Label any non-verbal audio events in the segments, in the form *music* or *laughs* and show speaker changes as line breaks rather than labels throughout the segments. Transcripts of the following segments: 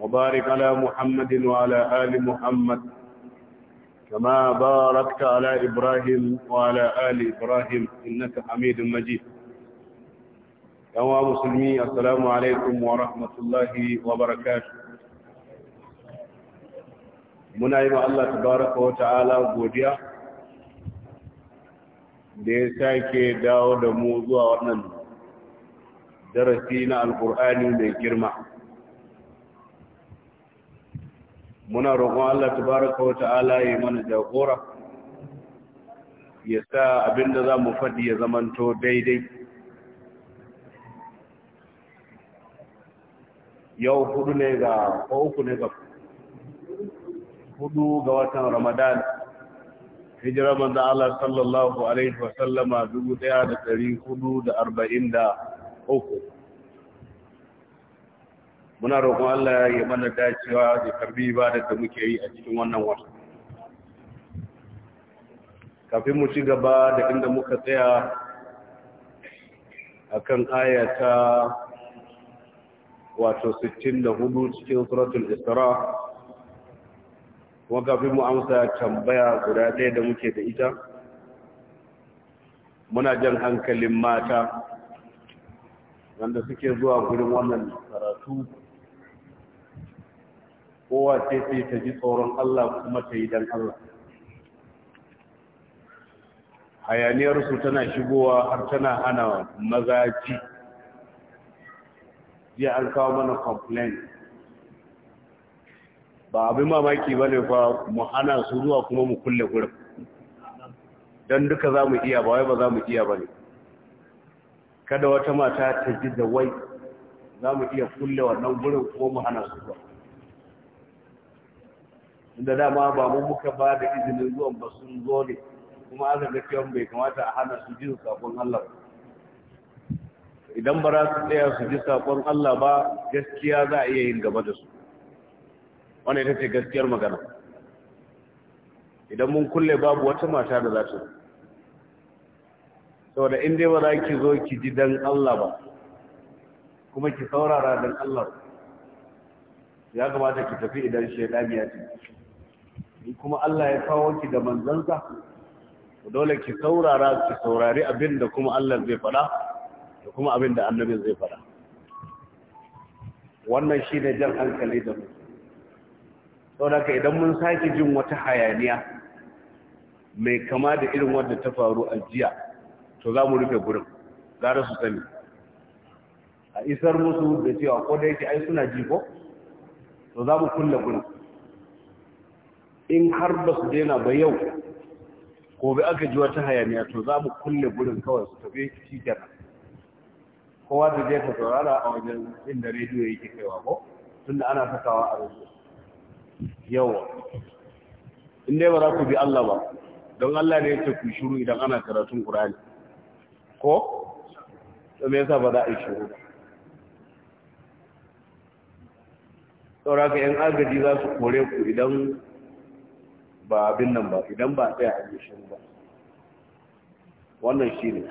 وبارك على محمد وعلى آل محمد كما باركت على إبراهيم وعلى آل إبراهيم إنك حميد مجيد يا مسلمي السلام عليكم ورحمة الله وبركاته muna yi wa Allah tabaraka wa ta'ala godiya da ya sake dawo da mu zuwa wannan darasi na alkur'ani mai girma muna roƙon Allah baraka wa ta'ala ya mana jagora ya sa abinda za mu faɗi ya zamanto daidai yau hudu ne ga ko uku ne ga hudu ga watan ramadan hijira manzan Allah sallallahu alaihi wa sallama 1443 muna roƙon Allah ya mana dacewa da karbi ibadar da muke yi a cikin wannan wata kafin mu ci gaba da inda muka tsaya akan ayata wato sittin da hudu cikin suratul isra kuma kafin mu amsa tambaya guda ɗaya da muke da ita muna jan hankalin mata wanda suke zuwa gurin wannan karatu kowa ce sai ta ji tsoron Allah kuma ta yi dan Allah hayaniyarsu tana shigowa har tana hana mazaji. Ya jiya an kawo mana complaint ba abin mamaki ba ne fa mu hana su zuwa kuma mu kulle gurin don duka za mu iya ba wai ba za mu iya ba ne kada wata mata ta ji da wai za mu iya kulle wannan gurin kuma mu hana su zuwa da dama ba mu muka ba da izinin zuwan ba sun zo ne kuma aka ga cewa bai kamata a hana su ji sakon Allah idan ba za su tsaya su ji sakon Allah ba gaskiya za a iya yin gaba da su wannan ita ce gaskiyar magana idan mun kulle babu wata mata da za ta saboda in dai ba za ki zo ki ji dan Allah ba kuma ki saurara dan Allah ya kamata ki tafi idan shaidani ya ci in kuma Allah ya kawo ki da manzansa dole ki saurara ki saurari abin da kuma Allah zai faɗa da kuma abin da annabi zai faɗa wannan shi ne jan hankali da mu ka idan mun sake jin wata hayaniya mai kama da irin wadda ta faru a jiya to za mu rufe gurin gara su sani a isar musu da cewa ko da yake ai suna ji ko to za mu kulle gurin in har ba su daina ba yau gobe aka ji wata hayaniya to za mu kulle gurin kawai su tafi shi kenan kowa da zai ta saurara a wajen inda rediyo yake kaiwa ko tunda ana sakawa a rediyo yawa in dai ba za ku bi Allah ba don Allah ne yake ku shiru idan ana karatun Qur'ani ko to me yasa ba za a yi shiru ba sauraka yan agaji za su kore ku idan ba abin nan ba idan ba tsaya a yi shiru ba wannan shi ne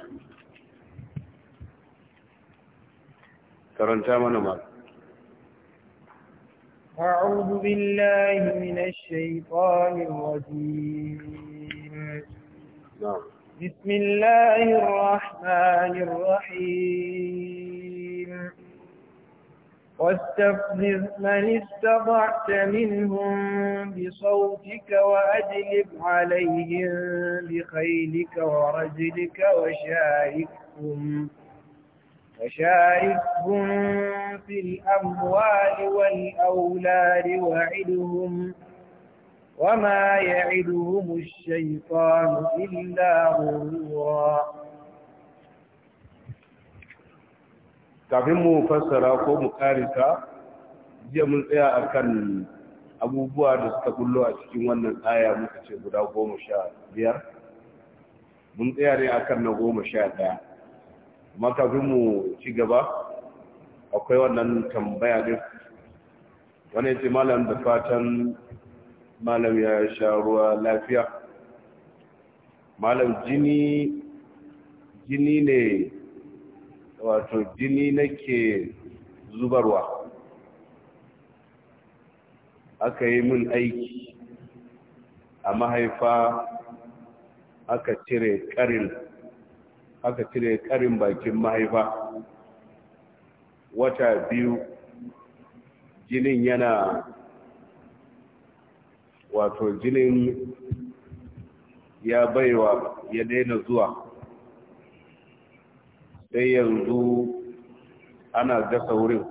karanta mana ma أعوذ بالله من الشيطان الرجيم نعم بسم الله
الرحمن الرحيم
واستفزز من استطعت منهم بصوتك وأجلب عليهم بخيلك ورجلك وشاركهم وشاركهم في الأموال والأولاد وعدهم وما يعدهم الشيطان إلا غرورا kafin mu fassara ko mu karisa jiya mun tsaya akan kan abubuwa da suka kullu a cikin wannan aya muka ce guda goma sha biyar mun tsaya ne a na goma sha ɗaya amma kafin mu ci gaba akwai wannan tambaya ɗin wani ce malam da fatan malam ya sha ruwa lafiya malam jini jini ne wato jini nake zubarwa aka yi min aiki a mahaifa aka cire karin aka cire karin bakin mahaifa wata biyu jinin yana wato jinin ya baiwa ya daina zuwa sai yanzu ana gasa wurin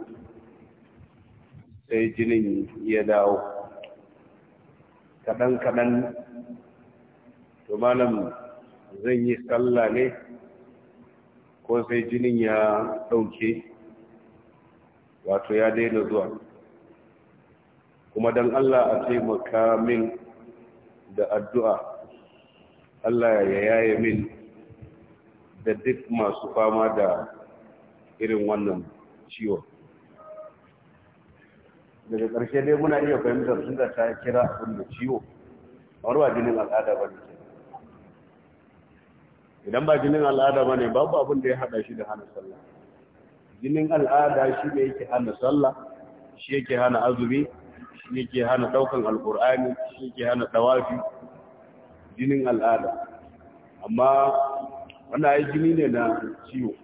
sai jinin ya dawo kaɗan-kaɗan to malam zan yi sallah ne ko sai jinin ya ɗauke wato ya daina zuwa kuma don Allah a taimaka min da addu'a Allah ya yaye min da duk masu fama da irin wannan ciwo. daga ƙarshe dai muna iya fahimtar sun da ta kira abin da ciwo kamar ba jinin al'ada ba ne idan ba jinin al'ada ba ne babu abin da ya haɗa shi da hana sallah jinin al'ada shi ne yake hana sallah shi yake hana azumi shi yake hana ɗaukan alƙur'ani shi yake hana ɗawafi jinin al'ada amma wanda ya jini ne na ciwo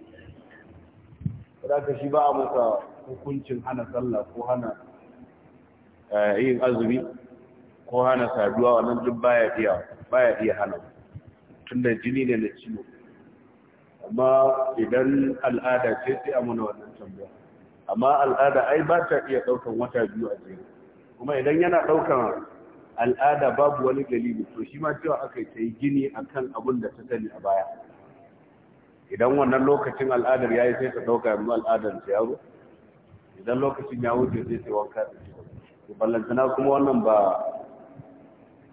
ka shi ba a mata hukuncin hana sallah ko hana eh, yin azumi ko hana saduwa wannan jin baya iya baya iya hana tunda jini ne na ciwo amma idan al'ada ce sai a mana wannan tambaya amma al'ada ai ba ta iya daukan wata biyu a jini. kuma idan yana daukan al'ada babu wani dalili to shi ma cewa aka yi gini akan abun da ta sani a baya idan wannan lokacin al'adar ya yi sai ta ɗauka yanzu al'adar ta yaro idan lokacin ya wuce sai ta wanka da shi ballantana kuma wannan ba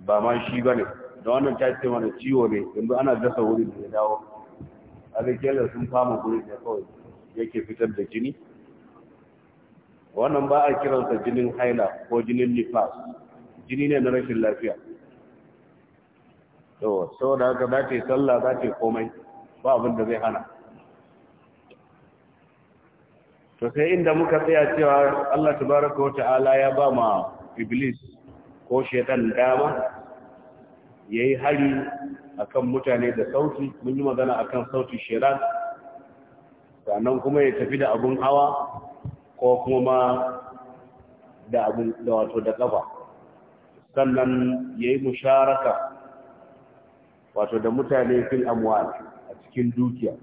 ba ma shi ba ne da wannan ta ce mana ciwo ne yanzu ana dasa wuri da ya dawo azikiyalar sun fama guri ne kawai yake fitar da jini wannan ba a kiransa jinin haila ko jinin nifas jini ne na rashin lafiya to saboda haka za ta yi sallah za ta yi komai ba abin da zai hana to sai inda muka tsaya cewa Allah tabaraka wa ta'ala ya ba ma iblis ko shaitan dama yayi hari akan mutane da sauti mun yi magana akan sauti shaitan sannan kuma ya tafi da abun hawa ko kuma ma da abun da wato da kafa sannan yayi musharaka wato da mutane fil amwal cikin dukiya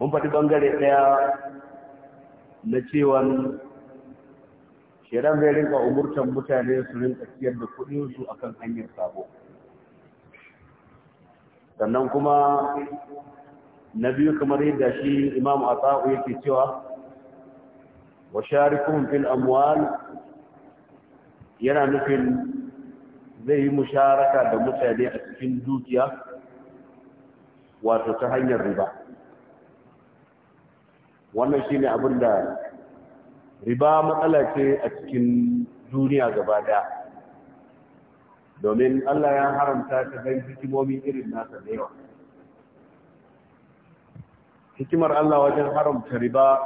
mun faɗi ɓangare ɗaya na cewa shaidan bai rinka umurtan mutane su rinka siyar da kuɗinsu a kan hanyar sabo sannan kuma na biyu kamar yadda shi Imam a yake cewa wa sharikun fil amwal yana nufin zai yi musharaka da mutane a cikin dukiya wato ta hanyar riba wannan shine abin da riba matsala ce a cikin duniya gaba daya domin Allah ya haramta ta dan hikimomi irin nasa da yawa hikimar Allah wajen haramta riba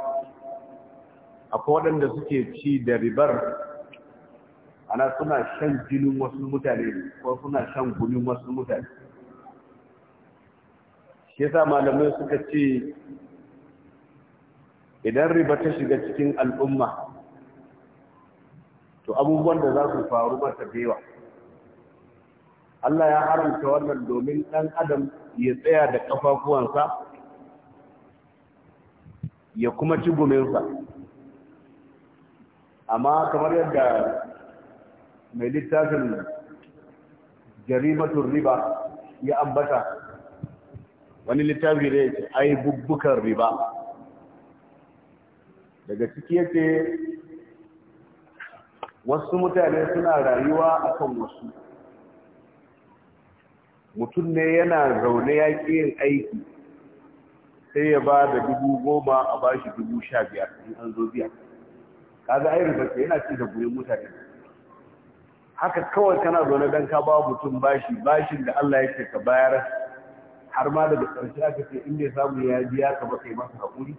akwai waɗanda suke ci da ribar ana suna shan jinin wasu mutane ko suna shan gunin wasu mutane shi yasa malamai suka ce idan riba ta shiga cikin al'umma to abubuwan da za su faru ba da yawa Allah ya haramta wannan domin ɗan adam ya tsaya da ƙafafuwansa ya kuma ci guminsa amma kamar yadda mai littafin jarimatun riba ya ambata wani littafi da ce ai bubukan riba daga ciki yake wasu mutane suna rayuwa akan wasu mutum ne yana zaune ya yin aiki sai ya ba da dubu goma a ba dubu sha biyar in an zo biya kaga ai riba ce yana ci da mutane haka kawai kana zaune don ka ba mutum bashi bashin da Allah yake ka bayar har ma daga ƙarshe aka ce in ya samu ya biya ka ba kai masa haƙuri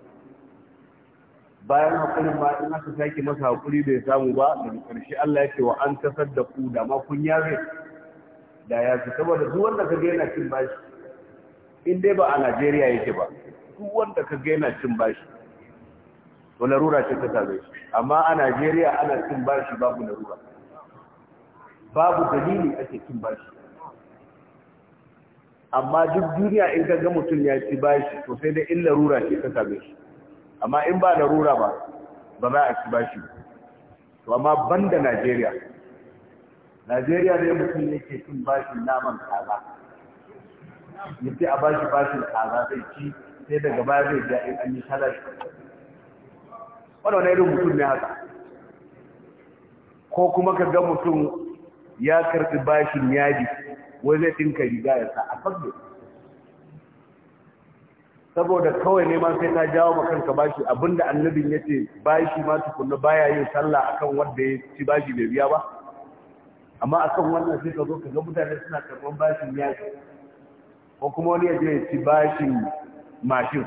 bayan haƙurin ba in aka sake masa haƙuri bai samu ba daga ƙarshe Allah ya ce wa an da ku da ma kun zai da ya fi saboda duk wanda ka ga yana cin bashi in dai ba a Najeriya yake ba duk wanda ka ga yana cin bashi to larura ce ta same shi amma a Najeriya ana cin bashi babu larura babu dalili ake cin bashi amma duk duniya in ka ga mutum ya ci bashi to sai dai in larura ce ta same shi amma in ba larura ba ba za a ci bashi to amma banda Najeriya Najeriya ne mutum yake cin bashin naman kaza yace a bashi bashin kaza sai ci sai daga baya zai ja in an yi salat wannan irin mutum ne haka ko kuma ka ga mutum ya karɓi bashin yaji wai zai tinka riga ya sa a sabbi saboda kawai neman sai ta jawo ma kanka bashi abinda annabin ya ce bashi ma tukunna baya yin sallah akan wanda ya ci bashi bai biya ba amma akan wannan sai ka zo ka ga mutane suna karɓar bashin yaki ko kuma wani ya je ya ci bashin mashin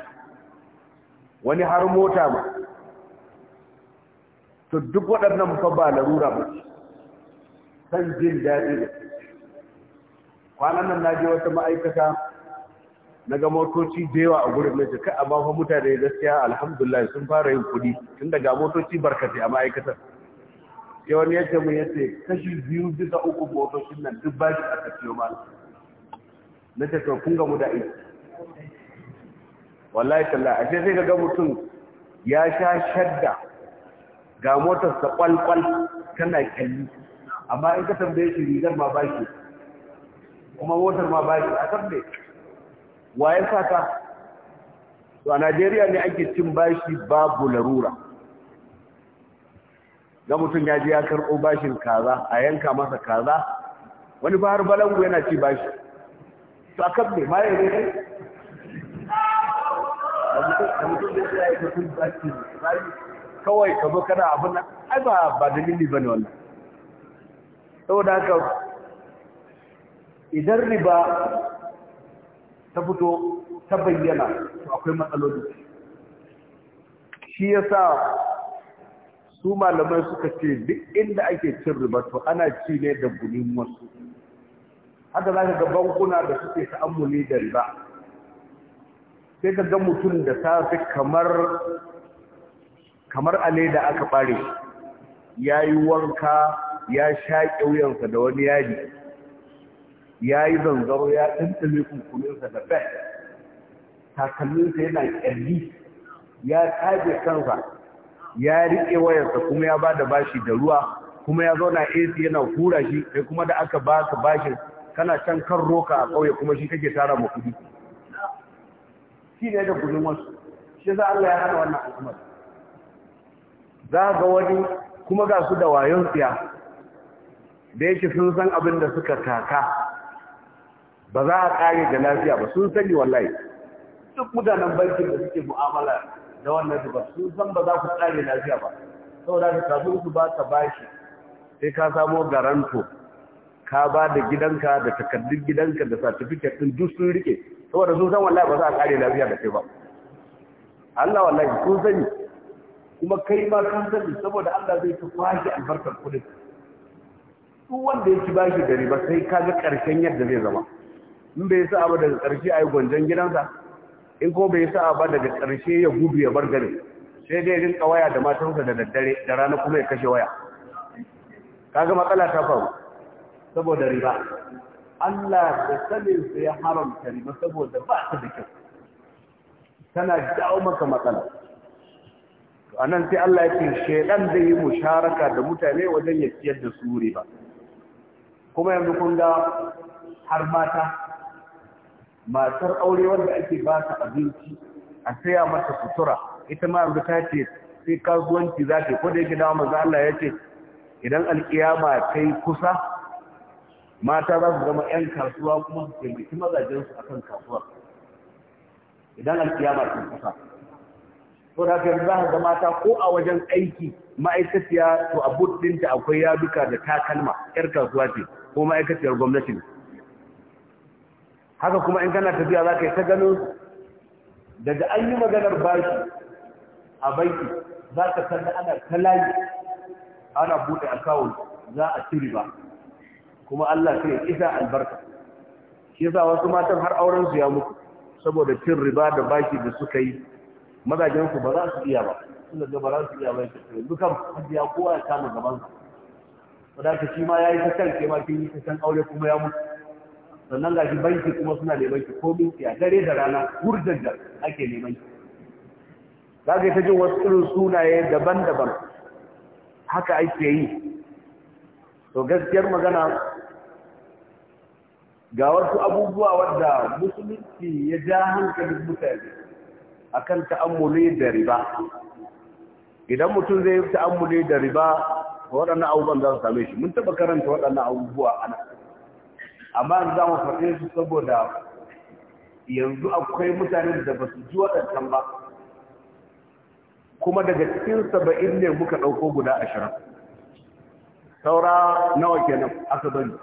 wani har mota ba to duk waɗannan fa ba larura ba san jin daɗi da kwanan nan na je wata ma'aikata na ga motoci da yawa a gurin na jika amma fa mutane gaskiya alhamdulillah sun fara yin kuɗi tun daga motoci barkatai a ma'aikatar sai wani yadda mu ya kashi biyu bisa uku motocin nan duk ba shi aka siyo ma na ce to kun gamu da aiki wallahi tallahi a sai ga mutum ya sha shadda ga motar sa kwalkwal tana kalli. amma in ka tambaye shi rigar ma ba shi kuma motar ma ba shi a ne wa ya sa to a najeriya ne ake cin bashi babu larura ga mutum ya ji ya karɓo bashin kaza a yanka masa kaza wani ba har balangu yana ci bashi to a kabbe ma ya zai kawai ka zo kana abin nan ai ba dalili ba ne wannan saboda haka idan riba ta fito ta bayyana to akwai matsaloli shi yasa su malamai suka ce duk inda ake cin riba to ana ci ne da gunin wasu haka za ka ga bankuna da suke ta'ammuli da riba sai ka ga mutum da safe kamar kamar ale da aka bare ya yi wanka ya sha wuyansa da wani yadi ya yi zanzaro ya tantame kunkuninsa da bai takalminsa yana ƙyalli ya taje kansa ya riƙe wayarsa kuma ya ba da bashi da ruwa kuma ya zauna AC yana hura shi sai kuma da aka ba ka bashi kana can kan roka a ƙauye kuma shi kake tara ma kudi shi ne da gudun wasu shi za Allah ya hana wannan al'umar za ga wani kuma ga su da wayon siya da yake sun san abin da suka kaka ba za a ƙari da lafiya ba sun sani wallahi duk mutanen bankin da suke mu'amala da wannan ba sun san ba za ku ƙari lafiya ba saboda ka kafin su ba ka bashi sai ka samo garanto ka ba da gidanka da takardun gidanka da certificate din duk sun rike saboda sun san wallahi ba za a ƙari lafiya da kai ba Allah wallahi sun sani kuma kai ma sun sani saboda Allah zai ta kwashe albarkar kudin duk wanda ya ci bashi da ba sai ka ga ƙarshen yadda zai zama in bai sa ba daga ƙarshe a yi gwanjan gidansa in ko bai sa ba daga ƙarshe ya gudu ya bar gari sai dai rinka waya da matansa da daddare da rana kuma ya kashe waya kaga matsala ta faru saboda riba Allah da su ya haramta riba saboda ba ta da kyau tana jawo maka matsala a nan sai Allah ya ce shaidan zai yi musharaka da mutane wajen ya siyar da su riba kuma yanzu kun ga har mata matar aure wanda ake ba ta abinci a saya mata sutura ita ma yanzu ta ce sai kasuwanci za ta yi kodai gida maza Allah ya ce idan alkiyama ta yi kusa mata za su zama 'yan kasuwa kuma su taimaki mazajensu a kan kasuwa idan alkiyama ta yi kusa to da kan za ka ga mata ko a wajen aiki ma'aikaciya to a buddinta akwai yaduka da takalma 'yar kasuwa ce ko ma'aikaciyar gwamnati ne haka kuma in kana tafiya za ka yi ta ganin daga an yi maganar bashi a banki za ka san da ana ta ana buɗe akawun za a ciri ba kuma Allah sai ya isa albarka shi yasa wasu matan har auren su ya mutu saboda cin riba da baki da suka yi mazajen su ba za su iya ba suna ga ba za su iya ba shi dukan hajiya kowa ya kama gaban su wadda shi ma yayi ta kan ke ma kin yi ta san aure kuma ya mutu sannan gashi banki kuma suna neman ki ko ki a dare da rana gurdan da ake neman ki za ka yi ta jin wasu irin sunaye daban-daban haka ake yi to gaskiyar magana ga wasu abubuwa wadda musulunci ya ja hankalin mutane akan ta'ammuli da riba idan mutum zai yi ta'ammuli da riba waɗannan abubuwan za su same shi mun taɓa karanta waɗannan abubuwa a amma za mu faɗe su saboda yanzu akwai mutanen da ba su ji waɗancan ba kuma daga cikin saba'in ne muka ɗauko guda ashirin saura nawa kenan aka bani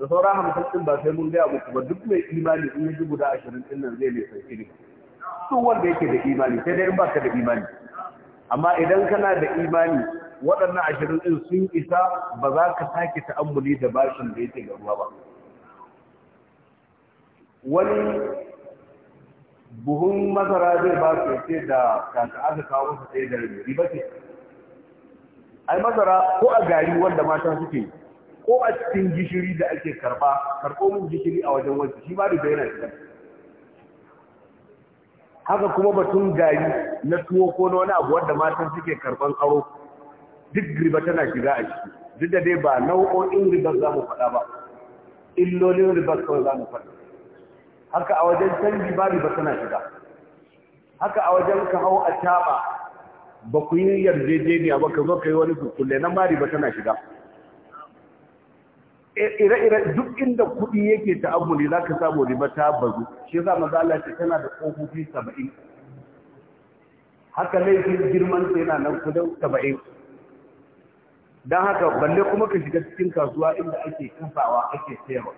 da saura hamsin ɗin ba sai mun gaya muku ba duk mai imani in yi guda ashirin ɗin nan zai ne sai shi duk wanda yake da imani sai dai in ba ka da imani amma idan kana da imani waɗannan ashirin ɗin sun isa ba za ka sake ta'ammuli da bashin da yake ga ruwa ba wani buhun masara zai ba su ce da kaka aka kawo su sai da ba ce ai masara ko a gari wanda mata suke ko a cikin gishiri da ake karba karɓo mun gishiri a wajen wancan shi ba da yana shi haka kuma batun gari na tuwo ko na wani abu wanda matan suke karban aro duk riba tana shiga a ciki duk da dai ba nau'o'in ribar za mu faɗa ba illolin ribar kawai za mu faɗa haka a wajen canji ba suna tana shiga haka a wajen ka hau a taba ba ku yi yarjejeniya ba ka zo ka yi wani kukulle nan bari ba tana shiga e, ire-ire duk inda kuɗi yake ne za ka samu riba ta bazu shi za maza Allah tana da ƙofofi saba'in haka laifin girman sa yana nan kudin saba'in don haka balle kuma ka shiga cikin kasuwa inda ake kasawa ake sayarwa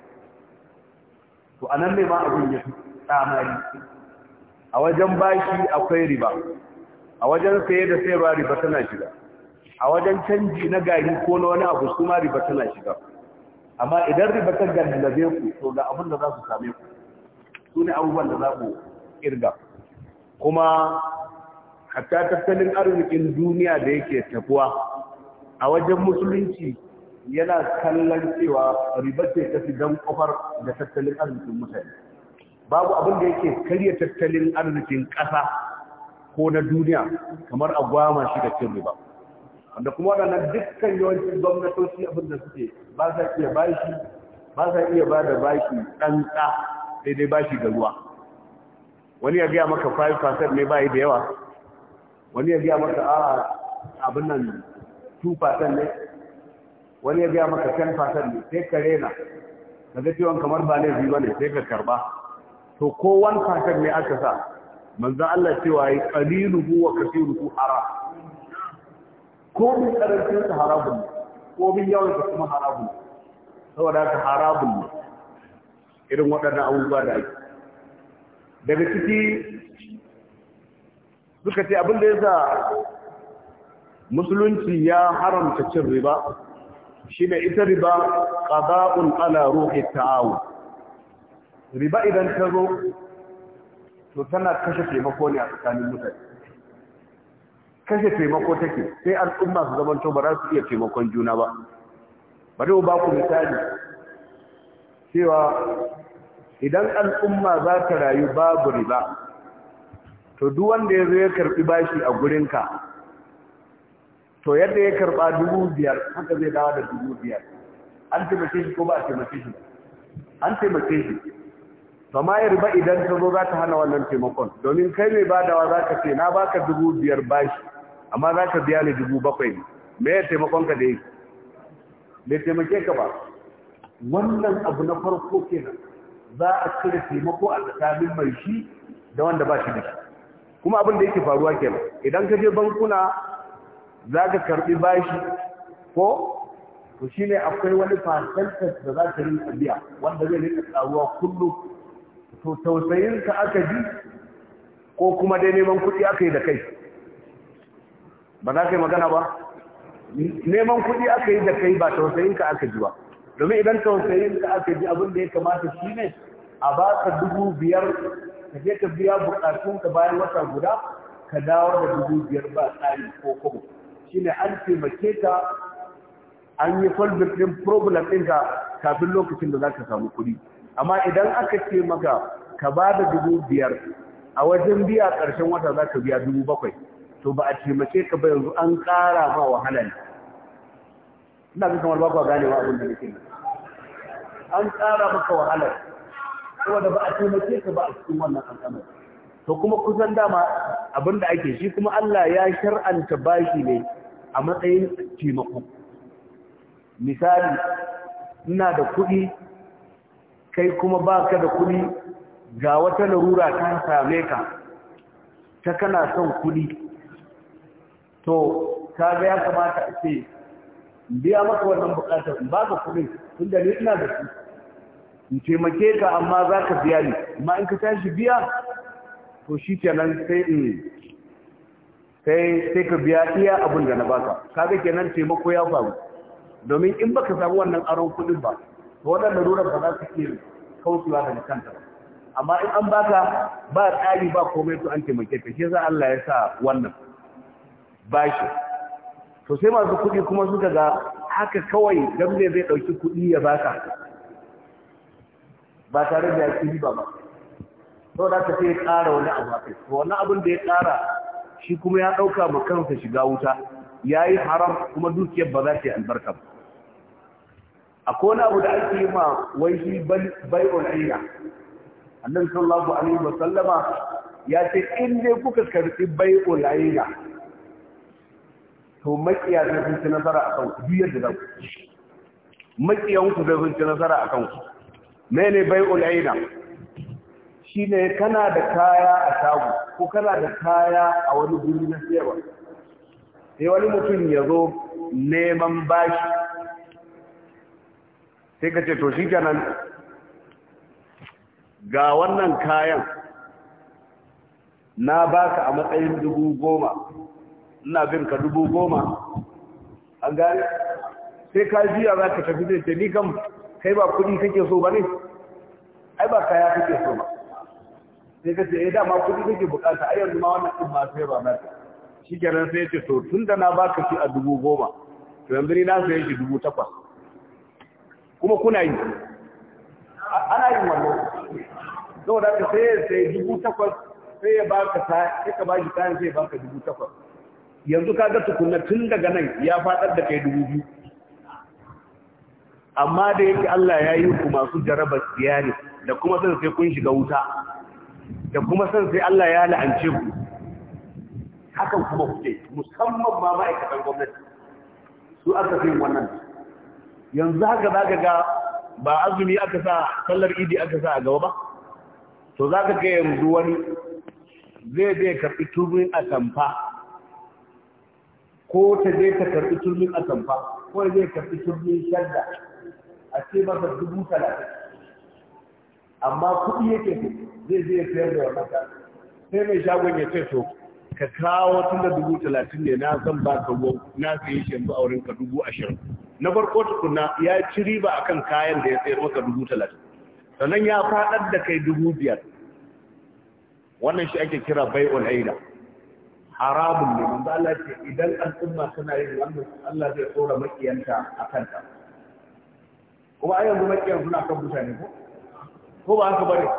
to a nan ne ma abin ya fi tsamari a wajen bashi akwai riba a wajen saye da sayarwa riba tana shiga a wajen canji na gari ko na wani abu su ma riba tana shiga amma idan riba ta zai ku to ga abin da za su same ku su ne abubuwan da za ku kirga kuma hatta tattalin arzikin duniya da yake tafuwa a wajen musulunci yana kallon cewa riba ce ta fi don kofar da tattalin arzikin mutane babu abin da yake karya tattalin arzikin ƙasa ko na duniya kamar a gwama shi da cin riba wanda kuma waɗannan dukkan yawancin gwamnatoci abin da suke ba za iya bashi ba za iya ba da bashi ɗan ɗa sai dai bashi ga ruwa wani ya gaya maka 5% ne bayi da yawa wani ya gaya maka a abin nan 2% ne wani ya gaya maka 10% ne sai ka rena ka ga ciwon kamar ba laifi ba ne sai ka karba to ko wani 1% ne aka sa manzan Allah cewa yi qaliluhu wa kathiruhu ara. ko min karancin sa haramun ne ko min yawan sa kuma haramun ne saboda ka haramun ne irin waɗannan abubuwa da ake daga ciki suka ce abin da ya sa musulunci ya haramta cin riba shi ne ita riba ƙaba'un ala ruhi ta'awun? riba idan ta zo to tana kashe taimako ne a tsakanin mutane kashe taimako take sai al'umma su to ba za su iya taimakon juna ba bari ba ku misali cewa idan al'umma za ta rayu babu riba to duk wanda ya zo ya karɓi bashi a gurinka to yadda ya karba dubu biyar haka zai dawo da dubu biyar an taimake shi ko ba a taimake shi an taimake shi to ma ya riba idan ta zo za ta hana wannan taimakon domin kai mai badawa za ka ce na baka dubu biyar bashi amma za ka biya ni dubu bakwai ne me ya taimakon ka da yake bai taimake ka ba wannan abu na farko kenan za a cire taimako a tsakanin mai shi da wanda ba shi da shi kuma abin da yake faruwa kenan idan ka je bankuna za ka karɓi bashi ko to shi ne akwai wani fasantar da za ka rinka biya wanda zai rika tsaruwa kullu to tausayinka aka ji ko kuma dai neman kuɗi aka yi da kai ba za ka yi magana ba neman kuɗi aka yi da kai ba tausayinka aka ji ba domin idan tausayin ka aka ji abin da ya kamata shi ne a ba ka dubu biyar ka je ka biya buƙatunka bayan wata guda ka dawo da dubu biyar ba tsari ko kuma. shine an taimake ka an yi solving din problem ɗinka kafin lokacin da za ka samu kuɗi amma idan aka ce maka ka ba da dubu biyar a wajen biya ƙarshen wata za ka biya dubu bakwai to ba a taimake ka ba yanzu an ƙara ma wahala ne ina ga kamar bakwa wa abin da nake an ƙara maka wahala saboda ba a taimake ka ba a cikin wannan al'amari to kuma kusan dama abin da ake shi kuma Allah ya shar'anta bashi ne a matsayin taimako misali ina da kuɗi kai kuma baka da kuɗi ga wata larura ta same ka ta kana son kuɗi to ka ga ya kamata a ce biya maka wannan bukatar in baka kuɗin da ni ina da su in taimake ka amma za ka biya ni amma in ka tashi biya to shi kenan sai in sai sai ka biya iya abin da na baka kaga kenan taimako ya faru domin in baka samu wannan aron kudin ba to wannan larurar ba za su ke kautuwa da kanta amma in an baka ba tsari ba komai to an taimake ka shi yasa Allah ya sa wannan bashi to sai masu kuɗi kuma suka ga haka kawai dan zai ɗauki kuɗi ya baka ba tare da ya ba ba to da ta sai ya ƙara wani abu a kai to wannan abin da ya ƙara shi kuma ya ɗauka ma kansa shiga wuta ya yi haram kuma dukiyar ba za ta yi albarka ba akwai na abu da ake yi ma wai shi bai ul'ina annan sallallahu alaihi wa sallama ya ce in dai kuka karɓi bai ul'ina to makiya zai sun ci nasara a kanku duk yadda za ku makiyan ku da sun ci nasara a ku? mene bai ul'ina shine kana da kaya a shago ko kana da kaya a wani guri na siyarwa sai wani mutum ya zo neman bashi sai ka ce to shi kenan ga wannan kayan na baka a matsayin dubu goma ina bin ka dubu goma an gane sai ka jiya za ka tafi zai ce ni kam kai ba kudi kake so ba ne ai ba kaya kake so ba sai ka ce eh dama kudi nake bukata ai yanzu ma wannan din ma sai ba mata shi kenan sai ce to tun da na baka shi a dubu goma to yanzu ni na saye shi dubu takwas kuma kuna yi ana yin wannan da ka sai ya sai dubu takwas sai ya baka ta sai ka baki kayan sai ya baka dubu takwas yanzu ka ga tukunna tun daga nan ya faɗar da kai dubu biyu amma da yake Allah ya yi ku masu jarabar siyari da kuma sai kun shiga wuta da kuma san sai Allah ya la'ance ku hakan kuma kuke musamman ma ma'aikatan gwamnati su aka fi wannan yanzu haka za ka ga ba azumi aka sa sallar idi aka sa a gaba ba to za ka ga yanzu wani zai zai karɓi a atamfa ko ta zai ta karɓi a atamfa ko zai karɓi turmin shadda a ce masa dubu talatin amma kuɗi yake kuɗi zai je ya sayar da wannan sai mai shagon ya ce to ka kawo tun da dubu talatin ne na zan ba ka ruwan na sayi shi yanzu auren ka dubu ashirin na farko tukuna ya ci riba akan kayan da ya sayar maka dubu talatin sannan ya faɗar da kai dubu biyar wannan shi ake kira Ba'i aida harabun ne ba Allah ce idan al'umma suna yin wannan Allah zai tsora makiyanta a kanta kuma ayyanzu makiyan suna kan mutane ko ko ba haka bane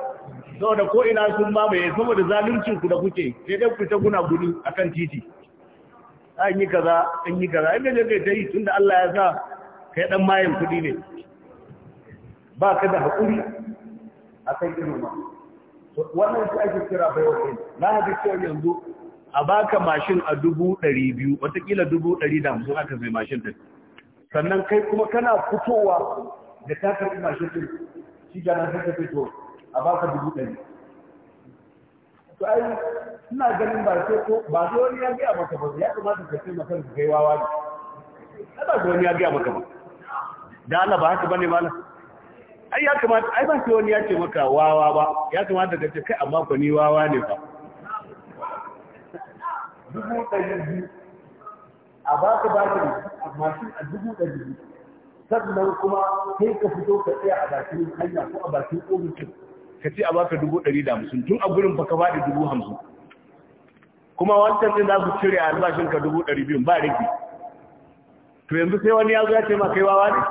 saboda ko ina sun mamaye saboda zaluncin ku da kuke sai dai ku ta guna guni akan titi an yi kaza an yi kaza inda je ta yi tunda Allah ya sa kai dan mayan kudi ne ba ka da hakuri kan irin ma wannan shi ake kira baiwa kai na haɗi cewa yanzu a baka mashin a dubu ɗari biyu watakila dubu ɗari da hamsin aka sai mashin ɗin sannan kai kuma kana fitowa da ka mashin ɗin shi gana sai ka fito a baka dubu ɗari to ai ina ganin ba sai ko ba sai wani ya gaya maka ba ya kamata ka sai maka kai wawa ne kada ga wani ya gaya maka ba da Allah ba haka bane malam ai ya kamata ai ba sai wani ya ce maka wawa ba ya kamata ka ce kai amma ko ni wawa ne fa dubu ɗari biyu a ka ne a mashin a dubu ɗari biyu sannan kuma sai ka fito ka tsaya a bakin hanya ko a bakin ofishin ka ce a ba ka dubu ɗari da hamsin tun a gurin baka faɗi dubu hamsin kuma wancan ɗin za su cire a ka dubu ɗari biyun ba rage to yanzu sai wani ya zo ya ce ma kai wawa ne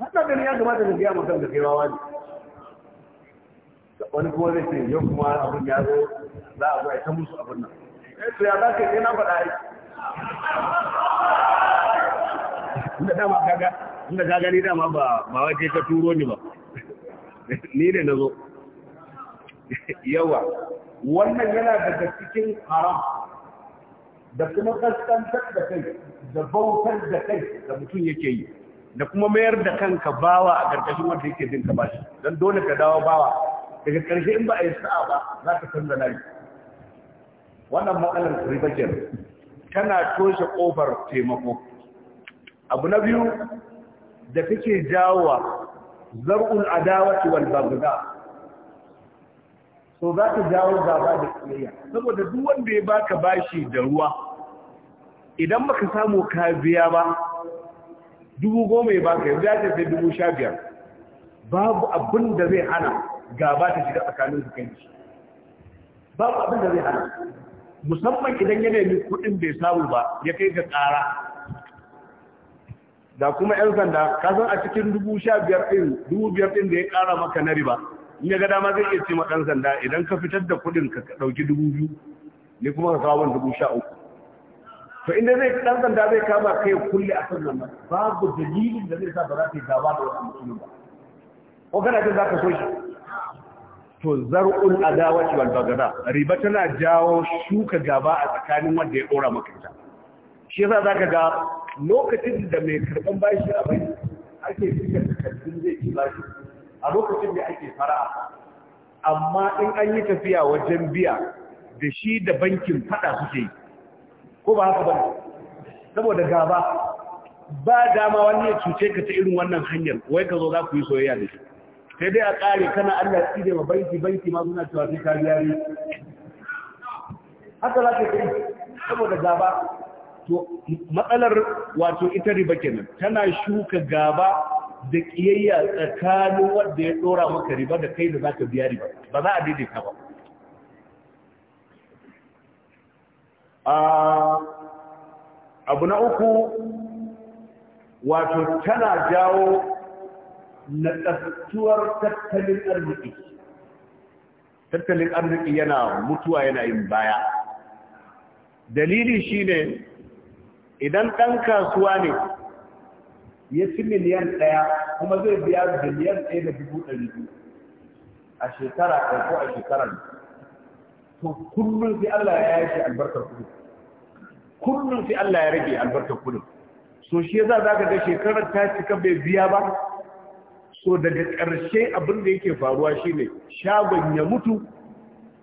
hata ganin ya kamata ka gaya mutum da kai wawa ne wani kuma zai ce yau kuma abin ya zo za a zo ta musu abin nan eh to ya za ka yi na faɗa ai inda dama kaga inda ka gani dama ba waje ka turo ni ba ni ne na yawa wannan yana daga cikin haram da kuma kaskantar da kai da bautar da kai da mutum yake yi da kuma mayar da kanka bawa a ƙarƙashin wanda yake jin ka shi don dole ka dawo bawa daga ƙarshe in ba a yi sa'a ba za ka canza layi wannan matsalar ribakin tana toshe ƙofar taimako abu na biyu da kake jawowa zar'ul adawati wal bagda so za ta jawo gaba da kiyayya saboda duk wanda ya baka bashi da ruwa idan baka samu kaziya ba dubu goma ya baka yanzu ya tafi dubu sha biyar babu abin da zai hana gaba ta shiga tsakanin su kan shi babu abin da zai hana musamman idan yanayin nemi kuɗin bai samu ba ya kai ga tsara da kuma 'yan sanda ka san a cikin dubu sha biyar ɗin dubu biyar ɗin da ya ƙara maka na riba in ya ga dama zai iya ce ma ɗan sanda idan ka fitar da kuɗin ka ɗauki dubu biyu ni kuma ka kawo dubu sha uku to inda zai ɗan sanda zai kama kai kulle a kan nan babu dalilin da zai sa ba za ta yi gaba da wani mutumin ba ko kana jin za ka so shi to zar'ul adawati wal bagada riba tana jawo shuka gaba a tsakanin wanda ya ɗora maka ita shi yasa zaka ga lokacin da mai karɓar bashi a bai ake fika takardun zai ci bashi a lokacin da ake fara'a amma in an yi tafiya wajen biya da shi da bankin fada suke yi ko ba haka bane saboda gaba ba dama wani ya cuce ka ta irin wannan hanyar wai ka zo za ku yi soyayya da shi sai dai a tsare kana Allah tsire ma banki banki ma suna cewa sai ka biya ne haka za ka yi saboda gaba to matsalar wato ita riba kenan tana shuka gaba da kiyayya tsakanin wanda ya dora maka riba da kai da zaka biya riba ba za a daidaita ba abu na uku wato tana jawo na tsattuwar tattalin arziki tattalin arziki yana mutuwa yana yin baya dalili shine idan ɗan kasuwa ne ya ci miliyan ɗaya kuma zai biya miliyan ɗaya da dubu ɗari biyu a shekara ɗaya ko a shekarar to kullum sai Allah ya yashe albarkar kudu kullum sai Allah ya rage albarkar kudu so shi yasa zaka ga shekarar ta cika bai biya ba so daga ƙarshe abin da yake faruwa shine shagon ya mutu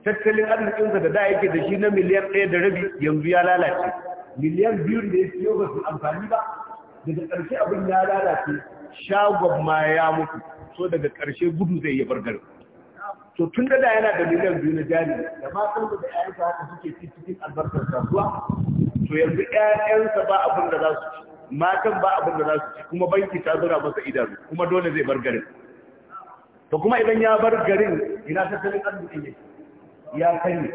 tattalin arzikinsa da da yake da shi na miliyan ɗaya da rabi yanzu ya lalace miliyan biyun da ya siyo ba su amfani ba daga ƙarshe abin ya lalace shagon ma ya mutu so daga ƙarshe gudu zai yi bargar to tun da yana da miliyan biyu na jari da san da ƴaƴan sa haka suke ci cikin albarkar kasuwa to yanzu ƴaƴansa ba abin da za su ci matan ba abin da za su ci kuma banki ta zura masa idanu kuma dole zai bar garin to kuma idan ya bar garin ina tattalin arzikin ya ya kare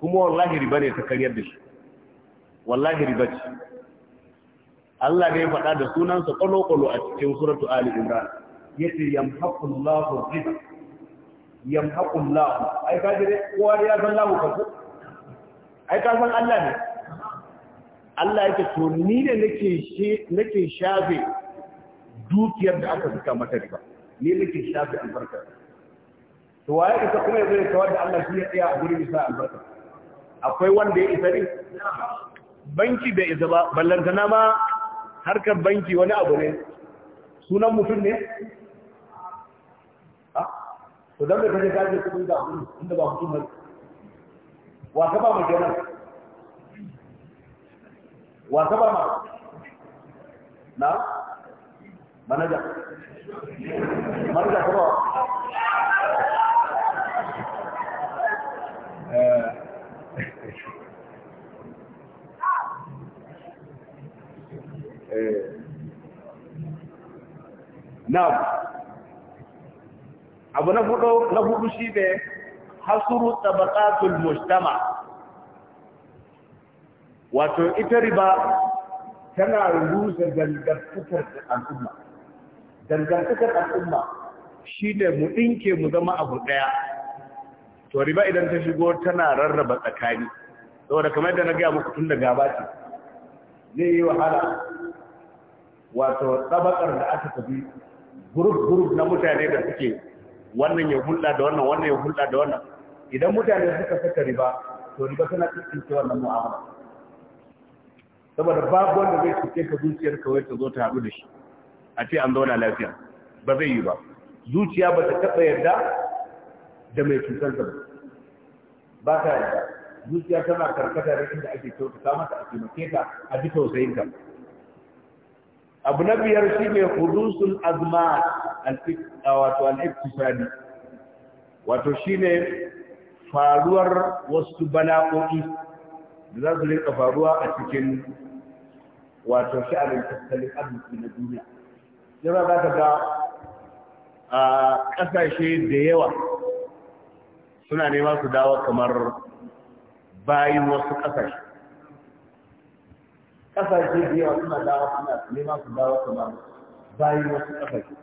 kuma wallahi riba ne ta karyar da shi wallahi riba ce Allah ne faɗa da sunansa kwalo-kwalo a cikin suratu Ali Imran yace yamhaqullahu riba yamhaqullahu ai ka ji kowa ya san lahu kafu ai ka san Allah ne Allah yake to ni ne nake shi nake shafe dukiyar da aka saka mata riba ni nake shafe albarka to waye ka kuma ya zai tawar da Allah shi ya tsaya a gurin sa albarka akwai wanda ya isa ne banki bai isa ba ballantana ma harkar banki wani abu ne sunan mutum ne ah, to dan da kaje kaje kudin da abu inda ba mutum ne wa ka ba mu kenan wa ka ba ma na manaja manaja ka ba eh Eh. na abu na hudu na hudu shi ne hasuru tabaqatul mujtama wato ita riba tana rusa dangantakar al'umma dangantakar al'umma shi ne mu ɗinke mu zama abu ɗaya to riba idan ta shigo tana rarraba tsakani saboda kamar da na gaya muku tun da gaba ce zai yi wahala wato tsabakar da aka tafi gurub-gurub na mutane da suke wannan ya hulɗa da wannan wannan ya hulɗa da wannan idan mutane suka saka riba to riba suna cikin tsince wannan mu'amala saboda babu wanda zai cike ka zuciyar ka wai ta zo ta haɗu da shi a ce an zauna lafiya ba zai yi ba zuciya ba ta taɓa yarda da mai cutar ba ba ta yarda zuciya tana karkata da inda ake kyautata mata a taimake ta a ji tausayin ka abu na biyar shi ne hudusul azma wato al'iktisadi wato shi ne faruwar wasu bala'o'i da za su rika faruwa a cikin wato sha'anin tattalin arziki na duniya yana za ta ga a ƙasashe da yawa suna nema su dawo kamar bayan wasu ƙasashe kasashe da yawa suna dawa suna nema su dawo kamar wasu kasashe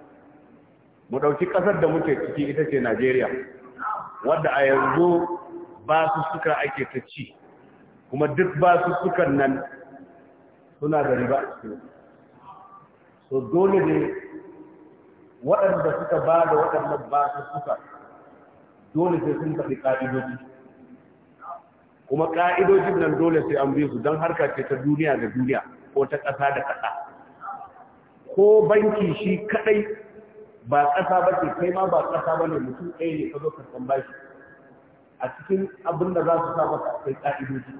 mu dauki kasar da muke ciki ita ce Najeriya wadda a yanzu ba su suka ake ta ci kuma duk ba su suka nan suna da riba cikin so dole ne waɗanda suka ba da waɗannan ba su suka dole sai sun tafi ƙa'idoji kuma ka'idojin nan dole sai an bi su don harka ce ta duniya da duniya ko ta ƙasa da ƙasa ko banki shi kaɗai ba ƙasa ba ce kai ma ba ƙasa ba ne mutum ɗaya ne ka zo karɓan bashi a cikin abin da za su sa masa akwai ƙa'idoji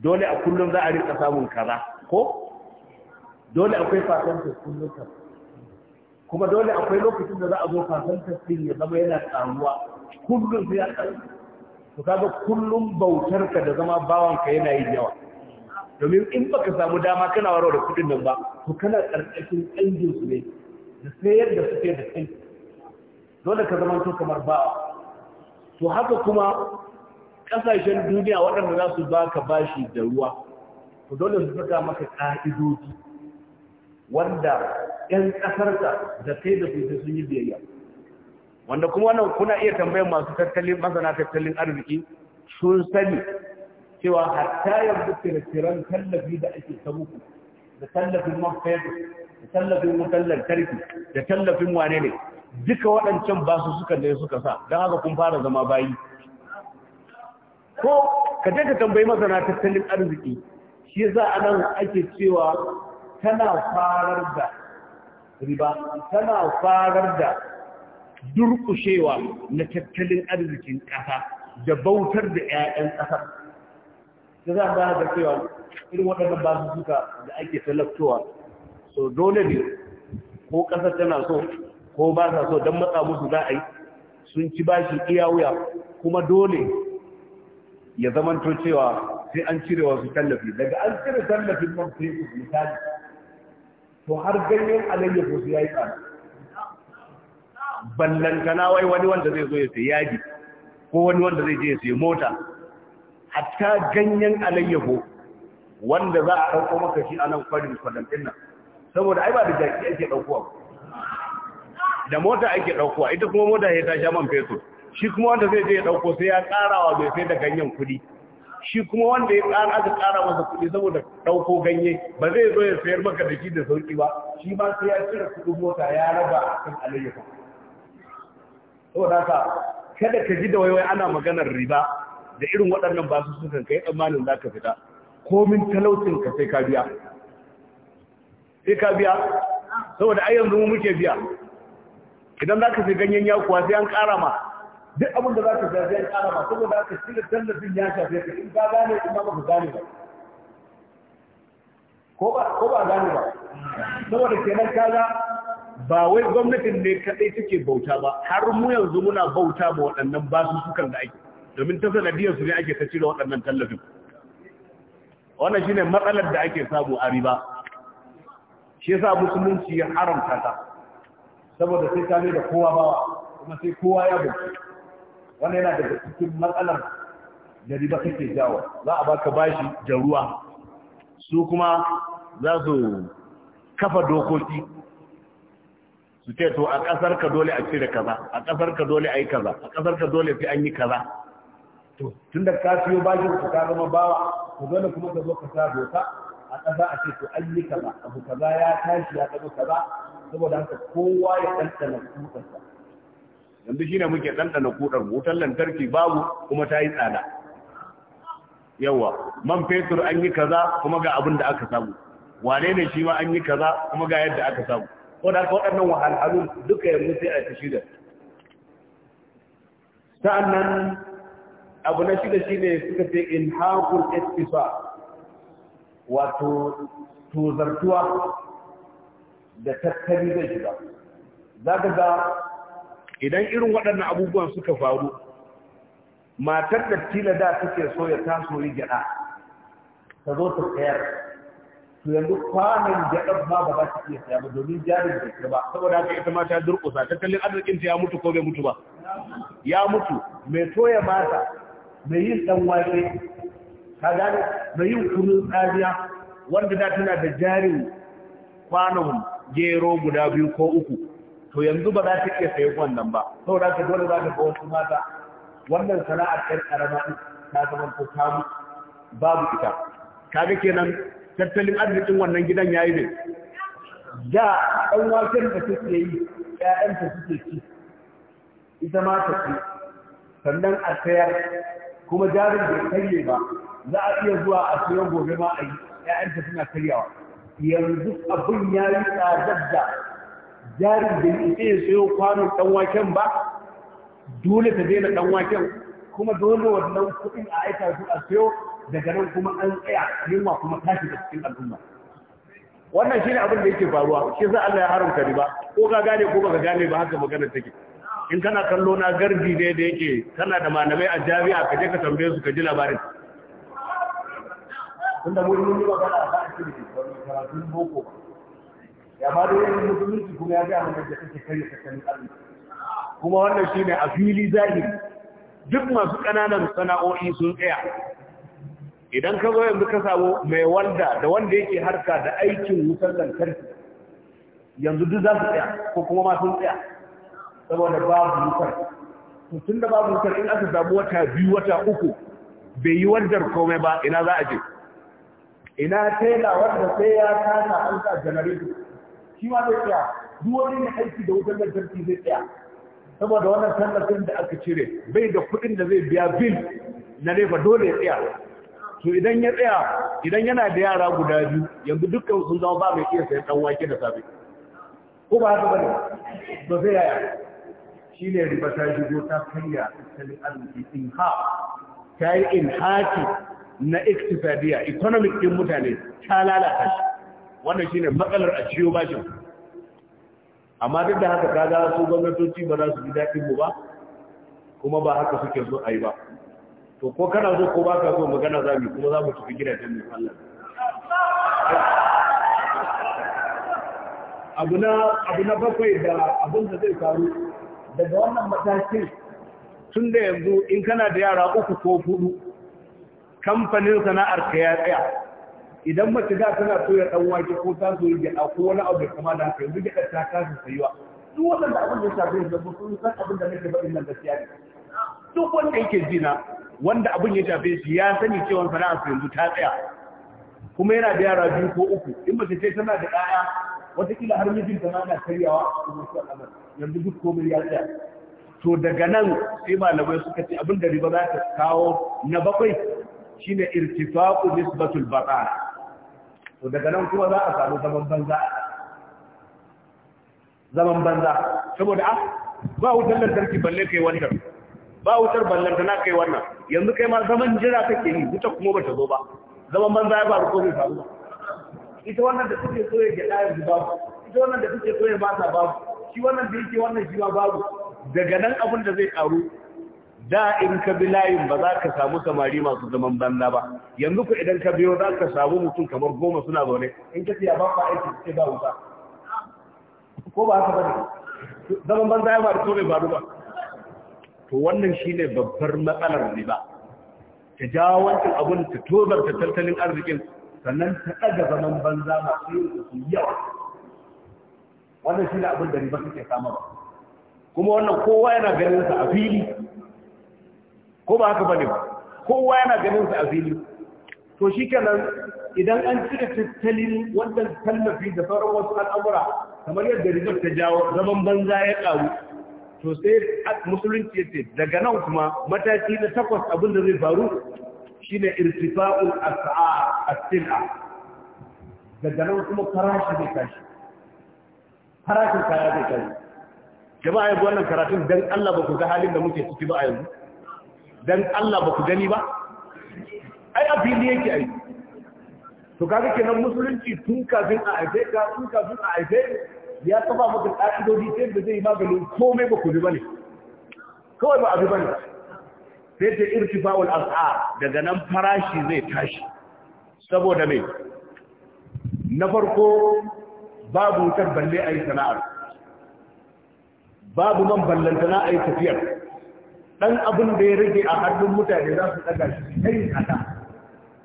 dole a kullum za a rika samun kaza ko dole akwai fasantar kullum kuma dole akwai lokacin da za a zo fasantar ɗin ya zama yana tsaruwa kullum sai a ƙarfi to kaga kullum bautar ka da zama bawan ka yana yin yawa domin in baka samu dama kana waro da kudin nan ba to kana karkashin canjin su ne da sayar da suke da kai dole ka zama to kamar ba to haka kuma kasashen duniya waɗanda za su baka bashi da ruwa to dole su saka maka ka'idoji wanda 'yan ƙasarka da kai da su sun yi biyayya wanda kuma wannan kuna iya tambayar masu tattalin masana tattalin arziki sun sani cewa hatta yanzu tirtiran tallafi da ake ta da tallafin man da tallafin mutallar lantarki da tallafin wane ne duka waɗancan ba su suka ne suka sa don haka kun fara zama bayi ko ka je ka tambayi masana tattalin arziki shi a nan ake cewa tana farar da riba tana farar da durkushewa na tattalin arzikin ƙasa da bautar da 'ya'yan ƙasa da za a da cewa irin waɗannan ba su suka da ake talabtowa so dole ne ko ƙasa tana so ko ba sa so don matsa musu za a yi sun ci bashi iya wuya kuma dole ya zamanto cewa sai an cire wasu tallafi daga an cire tallafin man su misali to har ganyen alayyahu su ya yi tsada ballantana wai wani wanda zai zo ya sai yaji ko wani wanda zai je ya sayi mota hatta ganyen alayyahu wanda za a ɗauko maka shi a nan kwarin kwadantin nan saboda ai ba da jaki ake ɗaukowa da mota ake ɗaukowa ita kuma mota ya ta sha man fetur shi kuma wanda zai je ya ɗauko sai ya ƙarawa bai sai da ganyen kuɗi shi kuma wanda ya ƙara aka ƙara masa kuɗi saboda ɗauko ganye ba zai zo ya sayar maka da shi da sauƙi ba shi ma sai ya cire kuɗin mota ya raba kan alayyahu saboda kada ka ji da waiwai ana maganar riba da irin waɗannan basu sukan kai tsammanin za ka fita komin talaucin ka sai ka biya sai ka biya saboda ai yanzu muke biya idan za ka sai ganyen kuwa sai an ƙara ma duk abin da za ka sai an ƙara ma saboda haka shirin tallafin ya shafe ka in ka gane in ba ka gane ba ko ba gane ba saboda kenan kaga ba wai gwamnatin ne kadai take bauta ba har mu yanzu muna bauta ba waɗannan basussukan da ake domin ta sanadiyar su ne ake ta cire waɗannan tallafin wannan shine matsalar da ake samu a riba shi yasa musulunci ya haramta ta saboda sai ta ne da kowa bawa kuma sai kowa ya bauta wannan yana daga cikin matsalar da riba take jawo za a baka bashi da ruwa su kuma za su kafa dokoki su ce to a kasar ka dole a cire kaza a kasar ka dole a yi kaza a kasar ka dole sai an yi kaza to tun da ka siyo bakin ka ka zama bawa ka dole kuma ka zo ka sa doka a ƙasa a ce to an yi kaza abu kaza ya tashi ya kaza kaza saboda haka kowa ya ɗanɗana sa yanzu shine muke ɗanɗana kuɗar wutar lantarki babu kuma ta yi tsada yawa man fetur an yi kaza kuma ga abin da aka samu wane ne shi ma an yi kaza kuma ga yadda aka samu ko da waɗannan wahalhalun duka yanzu sai a tashi shida sa'annan abu na shida ne suka ce in haƙul ittisa wato tozartuwa da tattali zai shiga za ka ga idan irin waɗannan abubuwan suka faru matar da tila da take so ya taso yi gyaɗa ta zo ta tsayar to yanzu kwanan jaɗar ma ba za ta iya saya ba domin jarin da ke ba saboda haka ita ma ta durƙusa tattalin arzikin ta ya mutu ko bai mutu ba ya mutu mai toya mata mai yin ɗan wake ka gane mai yin kunun tsariya wanda da tana da jarin kwanon gero guda biyu ko uku to yanzu ba za ta iya saya wannan ba saboda haka dole za ta ga wasu mata wannan sana'ar ƴan ƙarama ta zama babu ita kaga kenan tattalin arzikin wannan gidan yayi ne da ɗan waken da suke yi ƴaƴanta suke ci ita ma ta ci sannan a sayar kuma jarin bai karye ba za a iya zuwa a siyo gobe ma a yi ƴaƴanta suna karyawa yanzu abin ya yi tsadar da jarin da ya iya sayo kwanon ɗan waken ba dole ta daina ɗan waken kuma dole wannan kuɗin a aika su a siyo daga nan kuma an tsaya yunwa kuma tashi da cikin al'umma wannan shine abin da yake faruwa shi za Allah ya haramta riba ko ka gane ko ba ka gane ba haka magana take in kana kallo na garbi ne da yake kana da malamai a jami'a ka je ka tambaye su ka ji labarin tunda mun yi magana ba a cikin karatun boko ya ma da yin musulunci kuma ya ga mun da kake kai tattalin arziki kuma wannan shine a fili zahiri duk masu kananan sana'o'i sun tsaya idan ka zo yanzu ka samu mai walda da wanda yake harka da aikin wutar lantarki yanzu duk za su tsaya ko kuma ma sun tsaya saboda babu wutar tun da babu wutar in aka samu wata biyu wata uku bai yi waldar komai ba ina za a je ina tela wanda sai ya kasa an sa janareto shi ma zai tsaya duk wani mai aiki da wutar lantarki zai tsaya saboda wannan tallafin da aka cire bai da kuɗin da zai biya bil na nefa dole ya tsaya to idan ya tsaya idan yana da yara guda biyu yanzu dukkan sun zama ba mai iya sayan dan wake da safe ko ba haka bane ba sai yaya shine riba ta shigo ta kanya tattalin arziki in ha ta yi in haki na iktifadiya economic din mutane ta lalata shi wannan shine matsalar a ciyo bashin amma duk da haka kaga su gwamnatoci ba za su ji daɗin mu ba kuma ba haka suke so a yi ba to ko kana zo ko baka zo magana za mu kuma za mu tafi gidajen mu Allah abuna abuna bakwai da abin da zai faru daga wannan matakin tun da yanzu in kana da yara uku ko hudu kamfanin sana'ar ka ya tsaya idan mace za tana so ya dan wake ko ta so ya da ko wani abu kama da haka yanzu da ta kasa sayuwa duk wannan da abin da ya shafi da sun san abin da nake faɗin nan gaskiya ne duk wanda yake jina wanda abin ya tafe shi ya sani cewa sana'ar yanzu ta tsaya kuma yana da yara biyu ko uku in ba ce tana da ɗaya kila har mijin ta na karyawa a cikin wasu al'amari yanzu duk komai ya tsaya to daga nan sai malamai suka ce abin da riba za ta kawo na bakwai shine irtifaqu nisbatul batar to daga nan kuma za a samu zaman banza zaman banza saboda ah, ba wutar lantarki balle kai wannan ba wutar ballanta na kai wannan yanzu kai ma zaman jira kake yi wuta kuma ba ta zo ba zaman banza ya faru ko bai faru ba ita wannan da suke so ya gyaɗa yanzu babu ita wannan da suke so ya mata babu shi wannan da yake wannan shi ma babu daga nan abin da zai karu da in ka bi layin ba za ka samu samari masu zaman banza ba yanzu ku idan ka biyo za ka samu mutum kamar goma suna zaune in ka siya ba ka aiki suke ba wuta ko ba haka ba ne zaman banza ya faru ko bai faru ba to wannan shine babbar matsalar riba ta jawo wancan abun ta tobar ta tattalin arzikin sannan ta ɗaga zaman banza masu yin su yawa wannan shi ne abin da riba suke samar kuma wannan kowa yana ganin sa a fili ko ba haka bane ba kowa yana ganin sa a fili to shi kenan idan an cika tattalin wannan tallafi da sauran wasu al'amura kamar yadda riba ta jawo zaman banza ya ƙaru to sai musulunci ya ce daga nan kuma mataki na takwas abin da zai faru shine irtifa'ul as'a as-sil'a daga nan kuma farashi zai tashi farashin kaya zai tashi jama'a yanzu wannan karatun dan Allah ba ku ga halin da muke ciki ba a yanzu dan Allah ba ku gani ba ai a fili yake ai to kaga kenan musulunci tun kafin a aife ka tun kafin a aife ya kafa maka ƙa'idodi ta yadda zai maganin komai ba ku bi ne. kawai ba a bi ne. sai ta irtifa'ul as'ar daga nan farashi zai tashi saboda mai na farko babu wutar balle a yi sana'ar babu man ballantana a yi tafiyar ɗan abin da ya rage a hannun mutane za su ɗaga shi ta yi tsada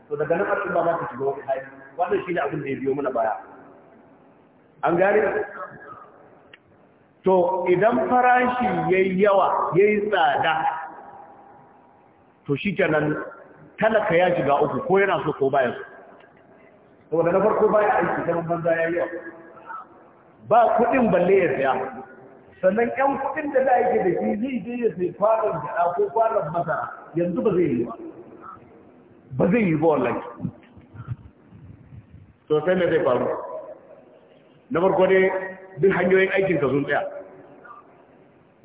So daga nan al'umma ba ta shiga wani hali wannan shi ne abin da ya biyo mana baya an gane to idan farashi yayi yawa yayi tsada to shikenan talaka ya shiga uku ko yana so ko baya so da na farko baya aiki zaman banza yayi yawa ba kudin balle ya tsaya sannan ƴan kuɗin da za a yake da shi zai je ya sai kwanon gyaɗa ko kwanon masara yanzu ba zai yi ba ba zai yi ba wallahi to sai zai faru na farko dai duk hanyoyin aikin ka sun tsaya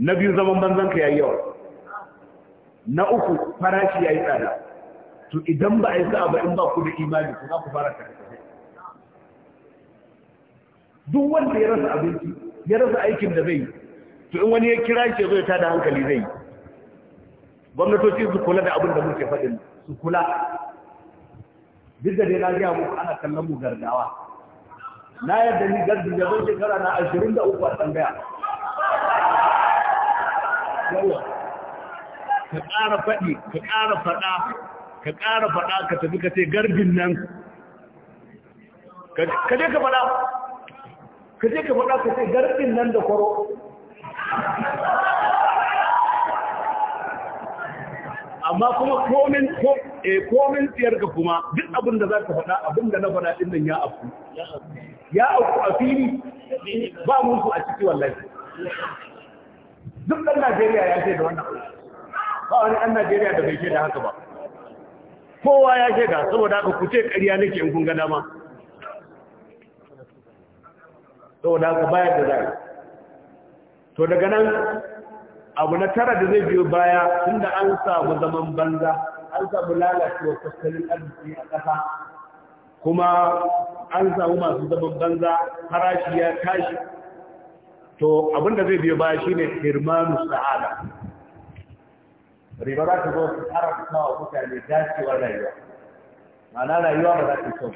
na biyu zaman banzan ka yayi yawa na uku farashi yayi tsada to idan ba a yi sa'a ba in ba ku da imani ku za ku fara ta duk wanda ya rasa abinci ya rasa aikin da zai yi to in wani ya kira shi zai ta da hankali zai gwamnatoci su kula da abin da muke faɗin su kula duk da dai na gaya muku ana kallon mu gargawa. na yadda ni gardi da zai shekara na ashirin da uku a tambaya yawa ka ƙara faɗi ka ƙara faɗa ka ƙara faɗa ka tafi ka ce garbin nan ka je ka faɗa ka je ka faɗa ka ce garbin nan da kwaro amma kuma komin e komin tsiyarka kuma duk abin da za ka faɗa abin da na faɗa ɗin nan ya afu ya afu a fili
ba musu a ciki
wallahi duk ɗan najeriya ya ce da wannan ba wani ɗan najeriya da bai ce da haka ba kowa ya ce da saboda haka ku ce ƙarya nake in kun ga dama saboda haka bayar da zai to daga nan abu na tara da zai biyo baya tunda an samu zaman banza an samu lalacewa tattalin arziki a ƙasa kuma an samu masu zaman banza farashi ya tashi to abinda zai biyo baya shine hirmanu sa'ada riba za ta zo su haramta wa mutane dacewar rayuwa ma'ana rayuwa ba za ta so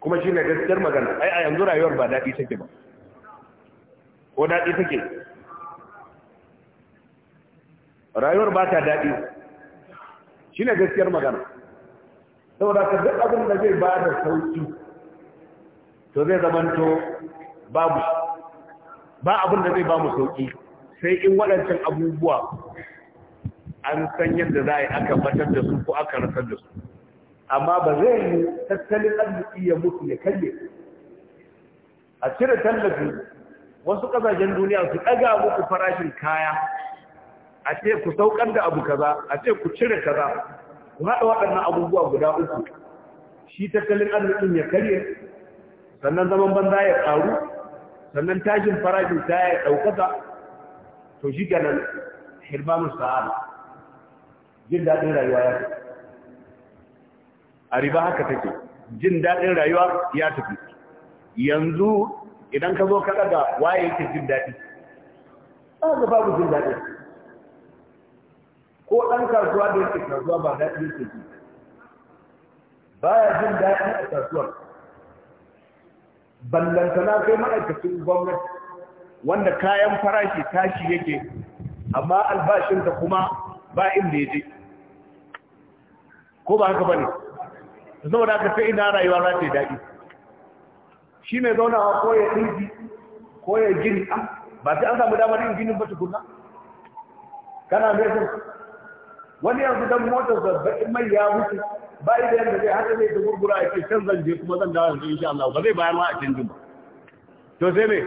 kuma shine gaskiyar magana ai a yanzu rayuwar ba daɗi take ba ko daɗi take rayuwar ba ta daɗi shi ne gaskiyar magana saboda ka duk abin da zai ba da sauki to zai zamanto babu ba abin da zai ba mu sauki sai in waɗancan abubuwa an san yadda za a yi aka batar da su ko aka rasar da su amma ba zai yi tattalin arziki ya mutu ya kalle a cire tallafi wasu ƙasashen duniya su ɗaga muku farashin kaya a ce ku saukar da abu kaza a ce ku cire kaza ku haɗa waɗannan abubuwa guda uku shi tattalin arzikin ya karye sannan zaman banza ya ƙaru sannan tashin farashin ta ya ɗaukata to shi ganin hirmamun sa'ada jin daɗin rayuwa ya tafi a riba haka take jin daɗin rayuwa ya tafi yanzu idan ka zo ka ɗaga waye yake jin daɗi ba babu jin dadi. ko ɗan kasuwa da yake kasuwa ba daɗi yake ji ba ya jin daɗi a kasuwar ballantana kai ma'aikacin gwamnati wanda kayan farashi tashi yake amma albashinta kuma ba inda ya je ko ba haka ba ne zama da aka sai ina rayuwa za ta yi daɗi shi mai zaunawa ko ya ɗinki ko ya gini ah, ba sai an samu damar yin ginin ba tukuna kana mai wani yanzu dan motar zazzabin mai ya mutu ba da yadda zai haka zai ta gurgura a cikin zan je kuma zan dawo yanzu insha Allah ba zai bayar ma a canjin ba to sai me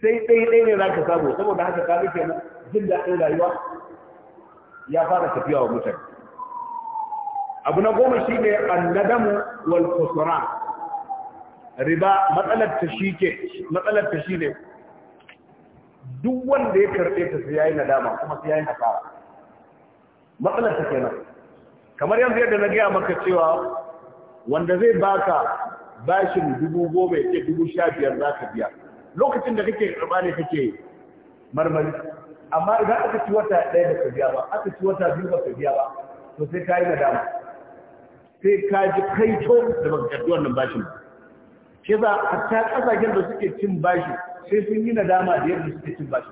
sai ɗaya ɗaya ne za ka samu saboda haka ka rike na jin daɗin rayuwa ya fara tafiya wa mutane abu na goma shi ne annadamu wal khusran riba matsalar ta shi ke matsalar ta shi ne duk wanda ya karɓe ta sai yayi nadama kuma sai yayi hasara matsalar ta kenan kamar yanzu yadda na gaya maka cewa wanda zai baka bashin dubu goma ya ce dubu sha biyar za ka biya lokacin da kake karɓa ne kake marmari amma idan aka ci wata ɗaya da ka biya ba aka ci wata biyu ba ka biya ba to sai ka yi nadama sai ka ji kaito da baka karɓi wannan bashin shi za a ta ƙasashen da suke cin bashi sai sun yi nadama da yadda suke cin bashi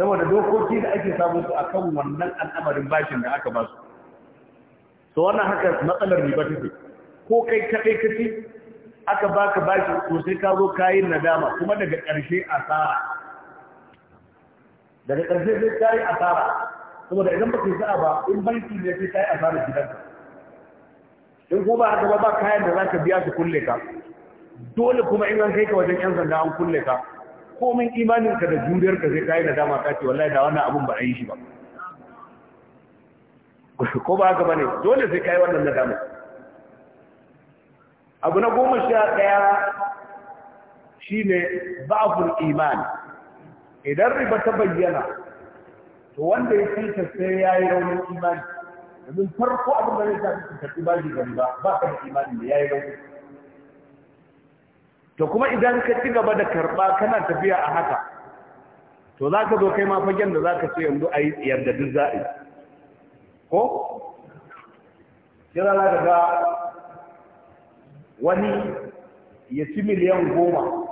saboda dokoki da ake samu su a kan wannan al'amarin bashin da aka ba su to wannan haka matsalar riba take ko kai kadai kace aka baka bashin, to sai ka zo kayin nadama kuma daga ƙarshe asara daga ƙarshe sai kai asara saboda idan ba baka sa'a ba in banki ne sai kai asara gidanka in ko ba haka ba ba kayan da zaka biya su kulle ka dole kuma in an kai ka wajen yan sanda an kulle ka komin imaninka da juriyarka sai ka yi da dama ka ce wallahi da wannan abun ba a yi shi ba *laughs* ko ba haka ne? dole sai ka yi wannan nadama abu na goma sha ɗaya shi ne ba'aful imani idan riba ta bayyana to wanda ya cuta sai ya yi raunin imani domin farko abin da zai ta ka tafi ba ka da imani da ya yi raunin to kuma idan ka ci gaba da karɓa kana tafiya a haka to za ka zo kai ma fagen da za ka so yanzu a yi tsiyar duk za'i ko? yana za ga wani ya ci miliyan goma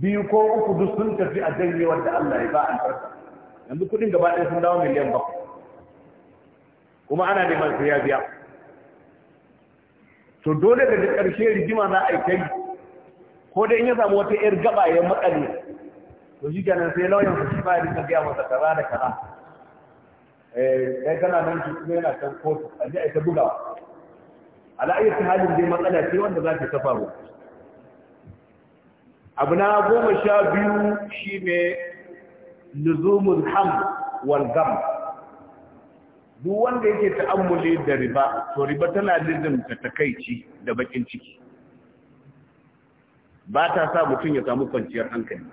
biyu ko uku duk sun tafi a janye wanda Allah ya ba albarka yanzu kudin gaba ɗaya sun dawo miliyan bakwai kuma ana neman su ya biya to dole daga ƙarshe rigima za a yi kai ko dai in ya samu wata 'yar gaba ya makale to shi kenan sai lauyan su shi ma ya rika biya masa kaza da kaza eh kai kana nan shi kuma yana kan kotu a ji a ta bugawa ala ayyata halin dai matsala ce wanda za ta ta faru abu na goma sha biyu shi ne nuzumul ham wal gham duk wanda yake ta'ammuli da riba to riba tana ta takaici da bakin ciki ba ta sa mutum ya samu kwanciyar hankali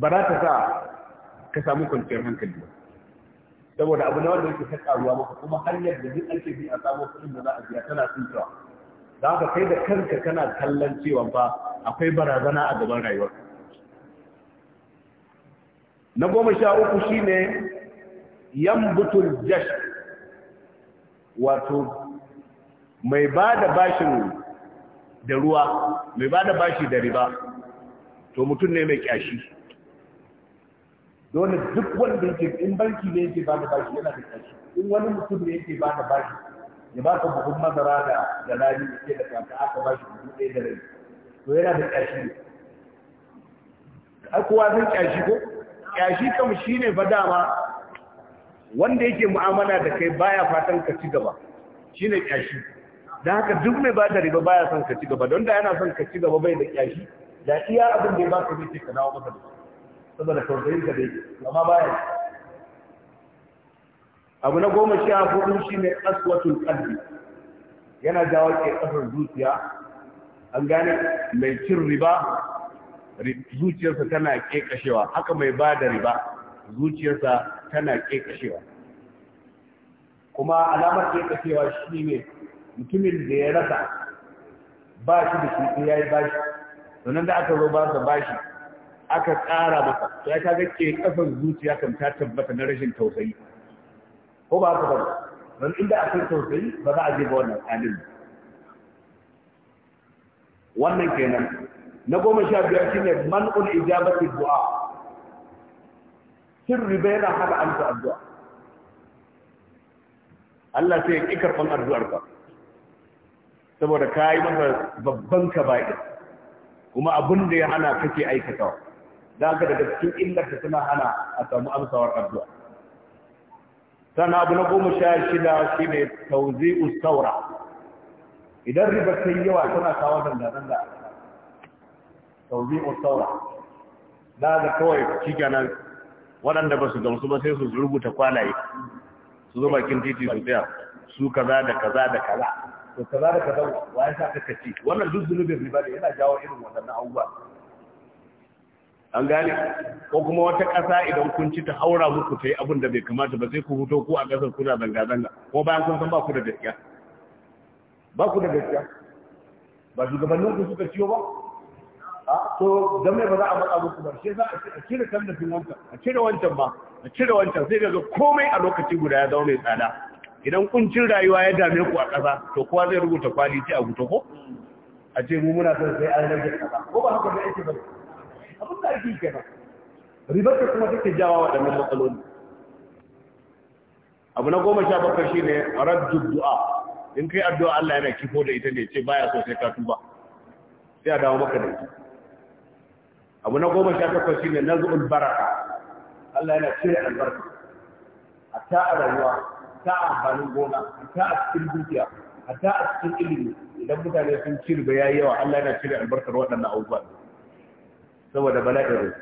ba za ta sa ka samu kwanciyar hankali ba saboda abu na wanda yake ta karuwa maka kuma hanyar da duk ake bi a samu kuɗin da za a biya tana tsintawa za ka kai da kanka kana kallon cewa fa akwai barazana a gaban rayuwarka na goma sha uku shi ne yambutul jash wato mai ba da bashin da ruwa mai ba da bashi da riba to mutum ne mai kyashi dole duk wanda yake in banki ne yake ba da bashi yana da kyashi in wani mutum ne yake ba da bashi ya ba ka buhun madara da da rani yake da kaka aka bashi buhun ɗaya da rai to yana da kyashi a kowa sun kyashi ko kyashi kam shine fa dama wanda yake mu'amala da kai baya fatan ka ci gaba shine kyashi da haka duk mai bada riba baya son ka ci gaba don da yana son ka ci gaba bai da kyashi da iya abin da ya baka bai ce ka dawo masa da saboda tausayin ka dai amma baya abu na goma sha hudu shine aswatul qalbi yana jawo ke kasar zuciya an gane mai cin riba zuciyarsa tana kekashewa haka mai bada riba zuciyarsa tana kekashewa kuma alamar kekashewa shi ne mutumin da ya rasa ba shi da shi ya yi bashi sannan da aka zo ba sa bashi aka tsara masa to ya kaga ke kafin zuciya kan ta tabbata na rashin tausayi ko ba haka ba don inda akwai tausayi ba za a je ba wannan halin wannan kenan na goma sha biyar shine man'ul ijabati du'a cin riba yana hana amsa addu'a Allah sai ya ƙi karɓan addu'ar ka saboda ka yi masa babban kaba'i kuma abin da ya hana kake aikatawa da ka daga cikin illar ta tana hana a samu amsawar addu'a sana abu na goma sha shida shi ne tauzi ustaura idan ribar ta yi yawa tana kawo zanga-zanga tauzi ustaura da kawai shi kenan waɗanda ba su gamsu ba sai su rubuta kwanaye, su zo bakin titi su tsaya su kaza da kaza da kaza to kaza da kaza wa ya saka ka wannan duk zunubin riba da yana jawo irin wannan abubuwa an gane ko kuma wata ƙasa idan kun ci ta haura muku ta yi abin da bai kamata ba sai ku huto ku a ƙasar kuna zanga-zanga ko bayan kun san ba ku da gaskiya ba ku da gaskiya ba shugabannin ku suka ciyo ba to don ba za a matsa muku ba shi za a cire tallafin wancan a cire wancan ba a cire wancan sai ga komai a lokaci guda ya zama mai tsada idan kuncin rayuwa ya dame ku a ƙasa to kowa zai rubuta kwali a guta ko a ce mu muna son sai an rage ƙasa ko ba haka da ake ba abin da ake kenan ribar ta kuma take jawa waɗannan matsaloli abu na goma sha bakwai shine raddu du'a in kai addu'a Allah yana kifo da ita ne ce baya so sai ka tuba sai a dawo maka da ita abu na goma sha takwas shine nazul baraka Allah yana cire albarka hatta a rayuwa ta amfanin gona hatta a cikin dukiya hatta a cikin ilimi idan mutane sun cire ba yayi yawa Allah yana cire albarkar waɗannan abubuwa saboda bala'in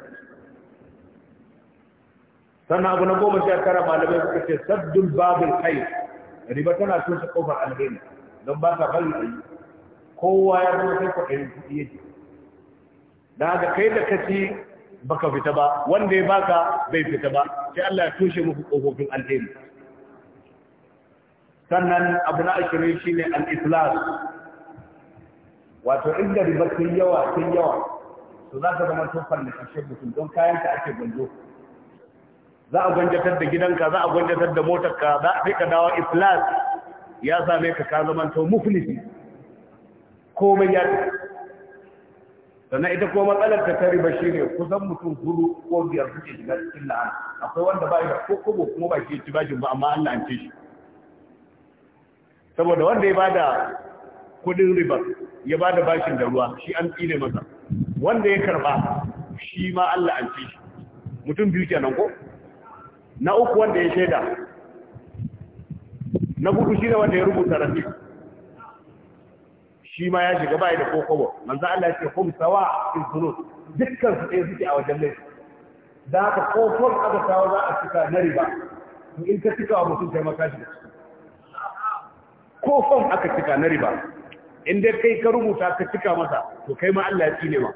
sannan abu na goma sha tara malamai suka ce saddul babul khair riba tana son su kofar alheri don ba ta bari kowa ya zama sai kwaɗayin kuɗi yake da haka kai da kaci baka fita ba wanda ya baka bai fita ba sai Allah ya tushe muku kofofin alheri sannan abu na ashirin shine al ikhlas wato inda riba kai yawa kai yawa to za ka zama tofar da kashe mutum don kayan ka ake gwanjo za a gwanjatar da gidanka za a gwanjatar da motarka za a ka dawo ikhlas ya same ka ka zama to muflisi komai ya tafi sannan ita kuma matsalar ta ta riba shi ne kusan mutum hudu ko biyar suke shiga cikin la'ana akwai wanda ba da ko kobo kuma ba shi ci ba amma Allah an ce shi saboda wanda ya bada kudin riba ya bada bashin da ruwa shi an tsine masa wanda ya karba shi ma Allah an ce shi mutum biyu kenan ko na uku wanda ya shaida na hudu shi ne wanda ya rubuta rafi shi ma ya shiga bai da kokobo manzo Allah ya ce hum sawa fi dhunub dukkan su ɗaya suke a wajen laifi da ka kofar aka tawo za a cika na riba to in ka cika wa mutum taimaka shi da aka cika na riba in dai kai ka rubuta ka cika masa to kai ma Allah ya tsine ma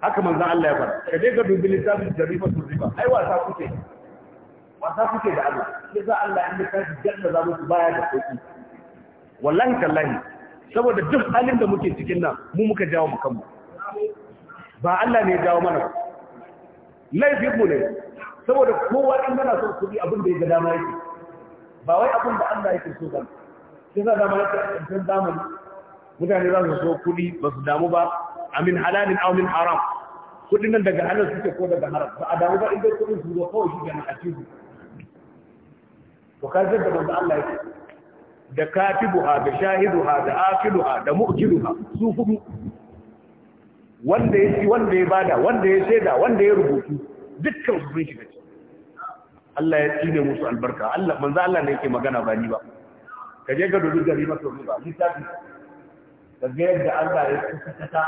haka manzo Allah ya fara ka je ka dubi littafin jarifa su riba ai wasa kuke wasa kuke da Allah sai za Allah in ka jaddada zamu za mu baya da sauki wallahi tallahi saboda duk halin da muke cikin nan mu muka jawo mu kanmu ba Allah ne ya jawo mana laifin mu ne saboda kowa in yana son kuɗi abin da ya ga dama yake ba wai abin da Allah yake so ba sai za dama yake a cikin zamani mutane za su so kuɗi ba su damu ba amin halalin aw min haram kudin nan daga halal suke ko daga haram ba a damu ba in dai kudin su zo kawai shi ga na cikin to kaje da manzo Allah yake da katibuha da shahiduha da ha, da mu'jiluha su hudu wanda ya ci wanda ya bada wanda ya shaida wanda ya rubutu dukkan su sun shiga ci Allah ya tsine musu albarka Allah manzo Allah ne yake magana ba ni ba ka je ga dudu gari masa ruba mun tafi ka ga yadda Allah ya tsakata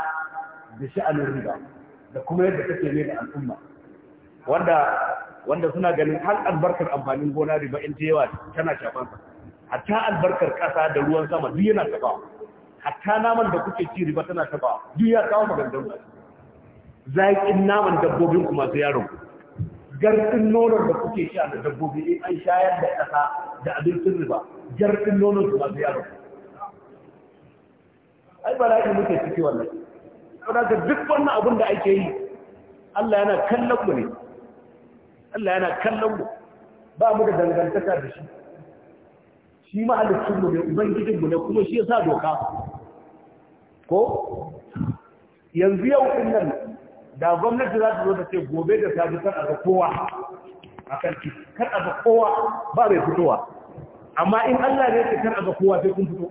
da sha'anin riba da kuma yadda take ne da al'umma wanda wanda suna ganin har albarkar amfanin gona riba in ta yawa tana shafansa hatta albarkar ƙasa da ruwan sama duk yana taɓa hatta naman da kuke ci riba tana taɓa duk ya kawo magandun zaƙin naman dabbobin kuma masu yaron garkin nonon da kuke sha da dabbobi in an shayar da ƙasa da abincin riba garkin nonon kuma masu yaron ai bala'i muke ciki wannan saboda duk wannan abin da ake yi Allah yana kallon mu ne Allah yana kallon mu ba mu da dangantaka da shi shi mahalicin mu ne ubangijin mu ne kuma shi yasa doka ko yanzu yau din nan da gwamnati za ta zo ta ce gobe da ji kan a ga kowa a kan kar a ga kowa ba bai fitowa amma in Allah ne ya ce kar a ga kowa sai kun fito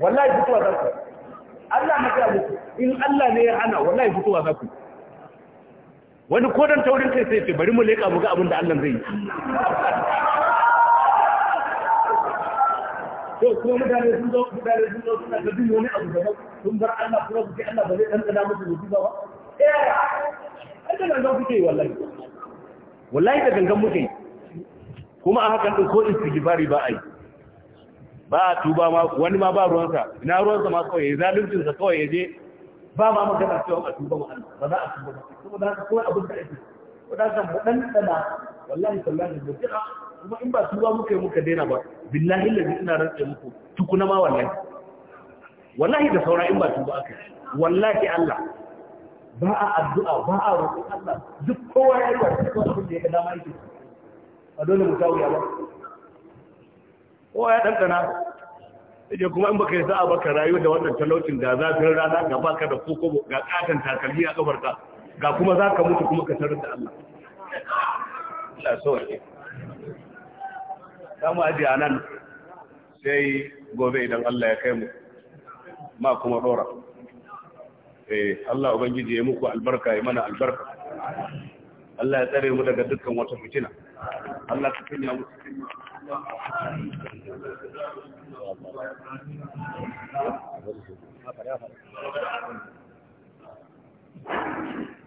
wallahi fitowa za ku Allah na ga muku in Allah ne ya hana wallahi fitowa za ku wani kodan taurin kai sai ce bari mu leka mu ga abin da Allah zai
yi
to kuma mutane sun zo mutane sun zo suna ga duk wani abu daban sun bar Allah kuma su Allah ba zai dan tsada musu musiba ba eh ai da gangan kuke wallahi wallahi da gangan muke kuma a hakan din ko istighfari ba ai ba a tuba ma wani ma ba ruwansa ina ruwansa ma kawai ya zaluncin sa kawai ya je ba ma magana cewa a tuba ma Allah ba za a tuba ba kuma da haka kawai abin da ake ko da haka mu dan tsada wallahi sallallahu alaihi wasallam kuma in ba su ba muka yi muka daina ba billahi lalzi ina rantsa muku tukuna ma wallahi wallahi da saura in ba su ba aka wallahi Allah ba a addu'a ba a roƙon Allah duk kowa ya yi wa cikin abin da ya ga dama yake a dole mu kawo ba kowa ya ɗanɗana yake kuma in baka yi sa'a baka rayu da wannan talaucin ga zafin rana ga baka da koko ga katon takalmi a kafarka ga kuma za ka mutu kuma ka tarar da Allah Allah sauwa za mu aji a nan sai gobe idan Allah ya kai mu ma kuma dora eh Allah ubangiji ya muku albarka ya mana albarka Allah ya tsare mu daga dukkan wata fitina Allah ka kinya mu Thank you.